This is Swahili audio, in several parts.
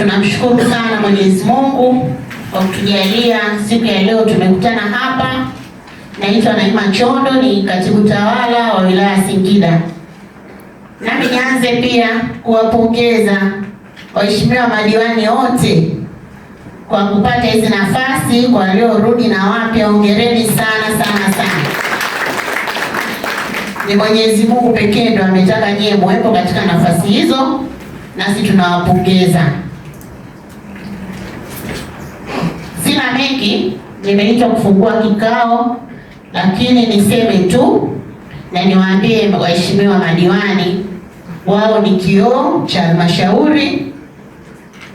Tunamshukuru sana Mwenyezi Mungu kwa kutujalia siku ya leo tumekutana hapa. Naitwa Naima Chondo, ni katibu tawala wa wilaya Singida. Nami nianze pia kuwapongeza waheshimiwa madiwani wote kwa kupata hizi nafasi, kwa waliorudi na wapya, hongereni sana sana sana. Ni Mwenyezi Mungu pekee ndo ametaka nyie muwepo katika nafasi hizo, nasi tunawapongeza. hiki nimeitwa kufungua kikao, lakini niseme tu na niwaambie waheshimiwa madiwani, wao ni kioo cha halmashauri,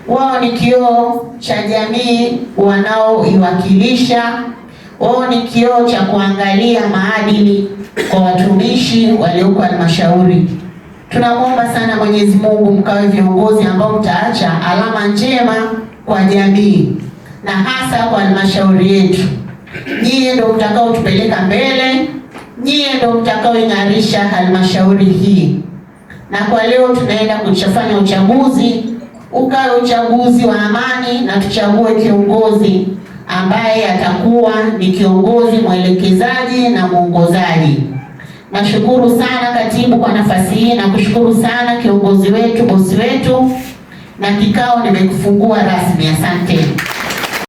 wao ni kioo cha jamii wanaoiwakilisha, wao ni kioo cha kuangalia maadili kwa watumishi walioko halmashauri. Tunamwomba sana Mwenyezi Mungu mkawe viongozi ambao mtaacha alama njema kwa jamii na hasa kwa halmashauri yetu. Nyie ndio mtakaotupeleka mbele, nyie ndio mtakaoing'arisha halmashauri hii. Na kwa leo tunaenda kuchafanya uchaguzi, ukawe uchaguzi wa amani, na tuchague kiongozi ambaye atakuwa ni kiongozi mwelekezaji na mwongozaji. Nashukuru sana katibu kwa nafasi hii, nakushukuru sana kiongozi wetu, bosi wetu, na kikao nimekufungua rasmi. Asante.